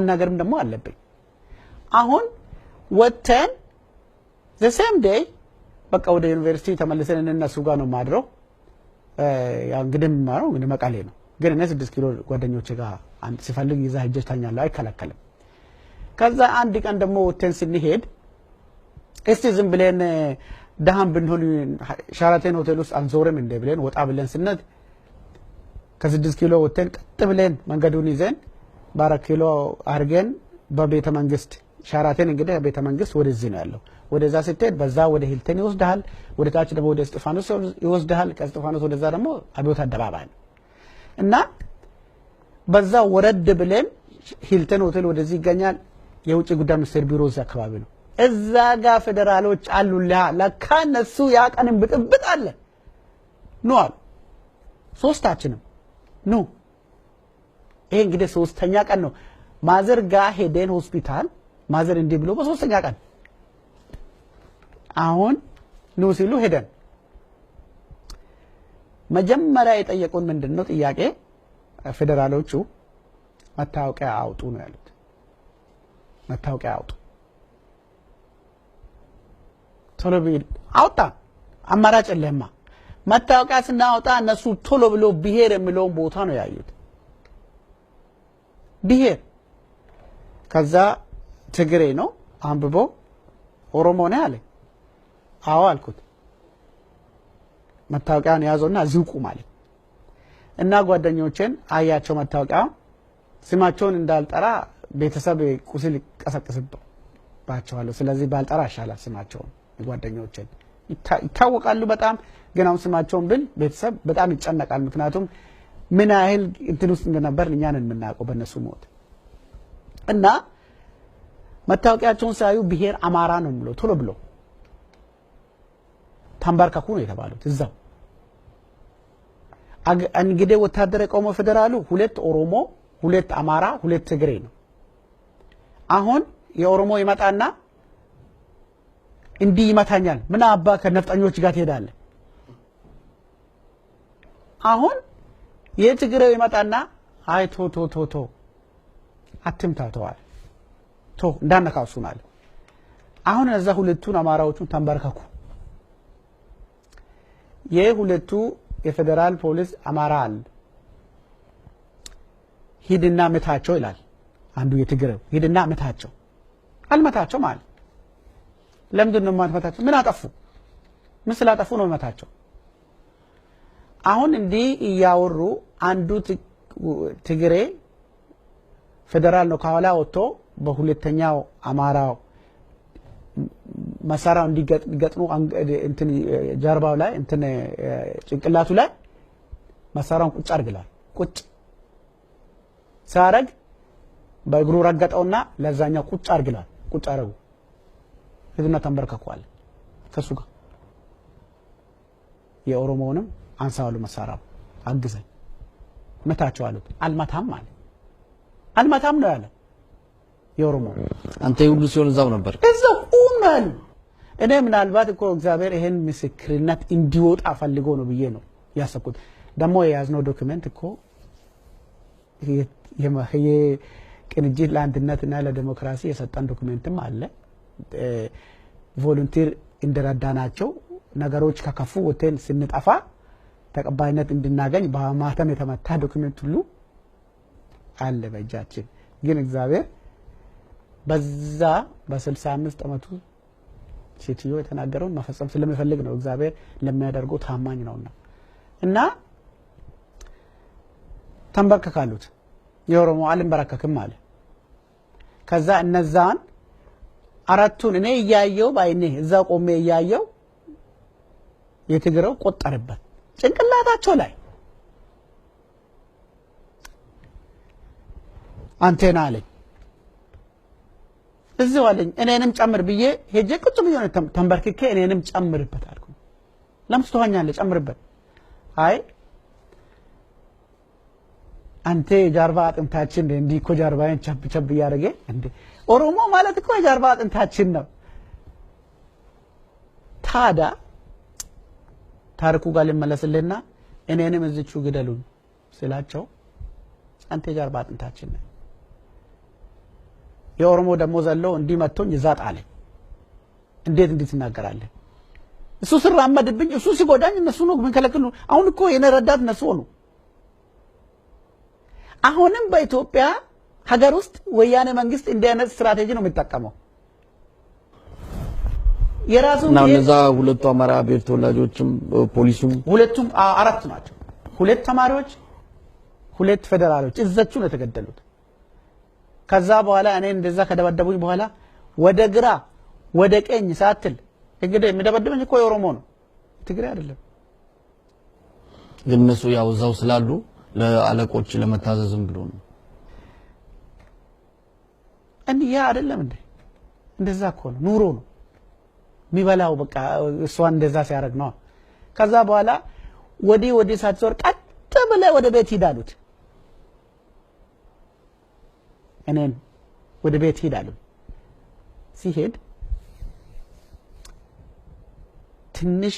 መናገርም ደግሞ አለብኝ። አሁን ወጥተን ዘሴም ዴይ በቃ ወደ ዩኒቨርሲቲ ተመልሰን እነሱ ጋር ነው ማድረው። እንግዲህ የምማረው እንግዲህ መቀሌ ነው፣ ግን እኔ ስድስት ኪሎ ጓደኞች ጋር ሲፈልግ ይዛ ሂጅ ተኛለሁ፣ አይከለከልም። ከዛ አንድ ቀን ደግሞ ወጥተን ስንሄድ እስቲ ዝም ብለን ደሃም ብንሆን ሸራተን ሆቴል ውስጥ አንዞርም እንደ ብለን ወጣ ብለን ስነት ከስድስት ኪሎ ወጥተን ቀጥ ብለን መንገዱን ይዘን በአራት ኪሎ አድርገን በቤተ መንግስት ሻራቴን እንግዲህ ቤተ መንግስት ወደዚህ ነው ያለው። ወደዛ ስትሄድ በዛ ወደ ሂልተን ይወስድሃል። ወደ ታች ደግሞ ወደ እስጢፋኖስ ይወስድሃል። ከእስጢፋኖስ ወደዛ ደግሞ አብዮት አደባባይ ነው እና በዛ ወረድ ብለን ሂልተን ሆቴል ወደዚህ ይገኛል። የውጭ ጉዳይ ሚኒስቴር ቢሮ እዚህ አካባቢ ነው። እዛ ጋር ፌዴራሎች አሉልሃ ለካ እነሱ ያቀንን ብጥብጥ አለ ኑ አሉ ሶስታችንም ኑ ይሄ እንግዲህ ሶስተኛ ቀን ነው። ማዘር ጋ ሄደን ሆስፒታል ማዘር እንዲህ ብሎ በሶስተኛ ቀን አሁን ኑ ሲሉ ሄደን መጀመሪያ የጠየቁን ምንድን ነው ጥያቄ ፌዴራሎቹ መታወቂያ አውጡ ነው ያሉት። መታወቂያ አውጡ ቶሎ አውጣ አማራጭ የለህማ። መታወቂያ ስናወጣ እነሱ ቶሎ ብሎ ብሄር የሚለውን ቦታ ነው ያዩት። ብሄር ከዛ ትግሬ ነው አንብቦ ኦሮሞ ነህ አዎ አልኩት። መታወቂያን የያዘውና ዝውቁ ማለት እና ጓደኞቼን አያቸው መታወቂያ ስማቸውን እንዳልጠራ ቤተሰብ ቁስል ይቀሰቅስባቸዋለሁ። ስለዚህ ባልጠራ ይሻላል። ስማቸውን ጓደኞችን ይታወቃሉ በጣም ግን አሁን ስማቸውን ብል ቤተሰብ በጣም ይጨነቃል። ምክንያቱም ምን ያህል እንትን ውስጥ እንደነበር እኛን የምናውቀው በእነሱ ሞት እና መታወቂያቸውን ሲያዩ ብሔር አማራ ነው ብሎ ቶሎ ብሎ ታምባርካኩ ነው የተባሉት እዛው እንግዲህ ወታደር የቆመ ፌዴራሉ ሁለት ኦሮሞ፣ ሁለት አማራ፣ ሁለት ትግሬ ነው። አሁን የኦሮሞ ይመጣና እንዲህ ይመታኛል። ምን አባ ከነፍጠኞች ጋር ትሄዳለህ? አሁን ይህ ትግሬው ይመጣና አይ ቶ ቶ ቶ ቶ አትምታተዋል ቶ እንዳነካሱ ማለ አሁን እነዛ ሁለቱን አማራዎቹን ተንበርከኩ። ይህ ሁለቱ የፌዴራል ፖሊስ አማራ አለ ሂድና ምታቸው ይላል። አንዱ የትግሬው ሂድና ምታቸው አልመታቸው ማለት ለምንድን ነው የማትመታቸው? ምን አጠፉ? ምን ስላጠፉ ነው መታቸው? አሁን እንዲህ እያወሩ አንዱ ትግሬ ፌዴራል ነው ከኋላ ወጥቶ በሁለተኛው አማራው መሳሪያው እንትን ጀርባው ላይ እንትን ጭንቅላቱ ላይ መሳሪያውን ቁጭ አድርግላል። ቁጭ ሲያደርግ በእግሩ ረገጠውና ለዛኛው ቁጭ አድርግላል። ቁጭ አደረጉ። ህዝብና ተንበርከኳል ከሱ ጋር የኦሮሞውንም አንሳ አሉ መሳሪያው አግዘኝ መታቸው አሉት። አልመታም አለ አልመታም ነው ያለ የኦሮሞ አንተ ሁሉ ሲሆን እዛው ነበር እዛው ቁማል። እኔ ምናልባት እኮ እግዚአብሔር ይሄን ምስክርነት እንዲወጣ ፈልጎ ነው ብዬ ነው ያሰብኩት። ደግሞ የያዝነው ዶክመንት እኮ ቅንጅት ለአንድነትና ለዲሞክራሲ የሰጠን ዶክመንትም አለ። ቮሉንቲር ናቸው ነገሮች ከከፉ ወቴን ስንጠፋ ተቀባይነት እንድናገኝ በማተም የተመታ ዶክመንት ሁሉ አለ በእጃችን። ግን እግዚአብሔር በዛ በ65 ዓመቱ ሴትዮ የተናገረውን መፈጸም ስለሚፈልግ ነው። እግዚአብሔር ለሚያደርገው ታማኝ ነውና እና ተንበርከካሉት የኦሮሞ አልንበረከክም አለ። ከዛ እነዛን አራቱን እኔ እያየው ባይኔ እዛ ቆሜ እያየው የትግረው ቆጠርበት ጭንቅላታቸው ላይ አንቴና አለኝ። እዚሁ አለኝ። እኔንም ጨምር ብዬ ሄጄ ቁጭ ብዬ ተንበርክኬ እኔንም ጨምርበት አልኩ። ለምስ ትሆኛለህ? ጨምርበት። አይ አንተ የጀርባ አጥንታችን እንዲህ እኮ ጀርባዬን ቸብ ቸብ እያደረገ እንዴ! ኦሮሞ ማለት እኮ የጀርባ አጥንታችን ነው ታዳ ታሪኩ ጋር ልመለስልና እኔንም እዚቹ ግደሉን ስላቸው አንተ ጋር በአጥንታችን የኦሮሞ ደግሞ ዘሎ እንዲህ መቶኝ እዛ ጣለኝ። እንዴት እንዲህ ትናገራለህ? እሱ ስራመድብኝ፣ እሱ ሲጎዳኝ እነሱ ነው ምንከለክል። አሁን እኮ የነረዳት ረዳት እነሱ ሆኑ። አሁንም በኢትዮጵያ ሀገር ውስጥ ወያኔ መንግስት እንዲህ አይነት ስትራቴጂ ነው የሚጠቀመው። የራሱ እና እነዛ ሁለቱ አማራ ብሔር ተወላጆችም ፖሊሱም ሁለቱም አራት ናቸው። ሁለት ተማሪዎች፣ ሁለት ፌዴራሎች እዘቹ ነው የተገደሉት። ከዛ በኋላ እኔ እንደዛ ከደበደቡኝ በኋላ ወደ ግራ ወደ ቀኝ ሳትል እንግዲህ የሚደበድበኝ እኮ የኦሮሞ ነው ትግሬ አይደለም። ግን እነሱ ያው እዛው ስላሉ ለአለቆች ለመታዘዝም ብሎ ነው እንዴ? ያ አይደለም እንዴ? እንደዛ እኮ ነው ኑሮ ነው። የሚበላው በቃ እሷን እንደዛ ሲያደርግ ነው። ከዛ በኋላ ወዲህ ወዲህ ሳትዞር ቀጥ ብለህ ወደ ቤት ሂድ አሉት። እኔን ወደ ቤት ሂድ አሉ። ሲሄድ ትንሽ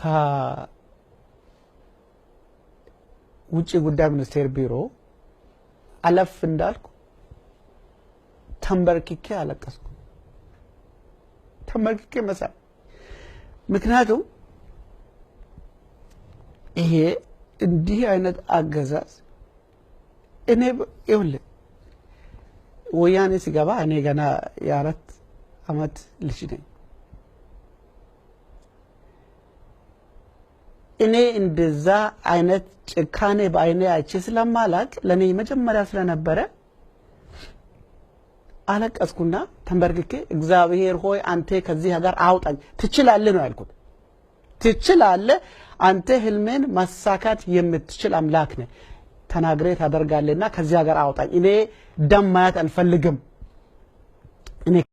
ከውጭ ጉዳይ ሚኒስቴር ቢሮ አለፍ እንዳልኩ ተንበርክኬ አለቀስኩ። ተንበርክኬ ይመሳል ምክንያቱም ይሄ እንዲህ አይነት አገዛዝ እኔ ይኸውልህ ወያኔ ሲገባ እኔ ገና የአራት አመት ልጅ ነኝ። እኔ እንደዛ አይነት ጭካኔ በአይኔ አይቼ ስለማላቅ ለእኔ መጀመሪያ ስለነበረ አለቀስኩና ተንበርክኬ እግዚአብሔር ሆይ አንተ ከዚህ ሀገር አውጣኝ፣ ትችላለህ ነው ያልኩት። ትችላለህ፣ አንተ ህልሜን ማሳካት የምትችል አምላክ ነህ፣ ተናግሬ ታደርጋለህና ከዚህ ሀገር አውጣኝ። እኔ ደም ማየት አልፈልግም።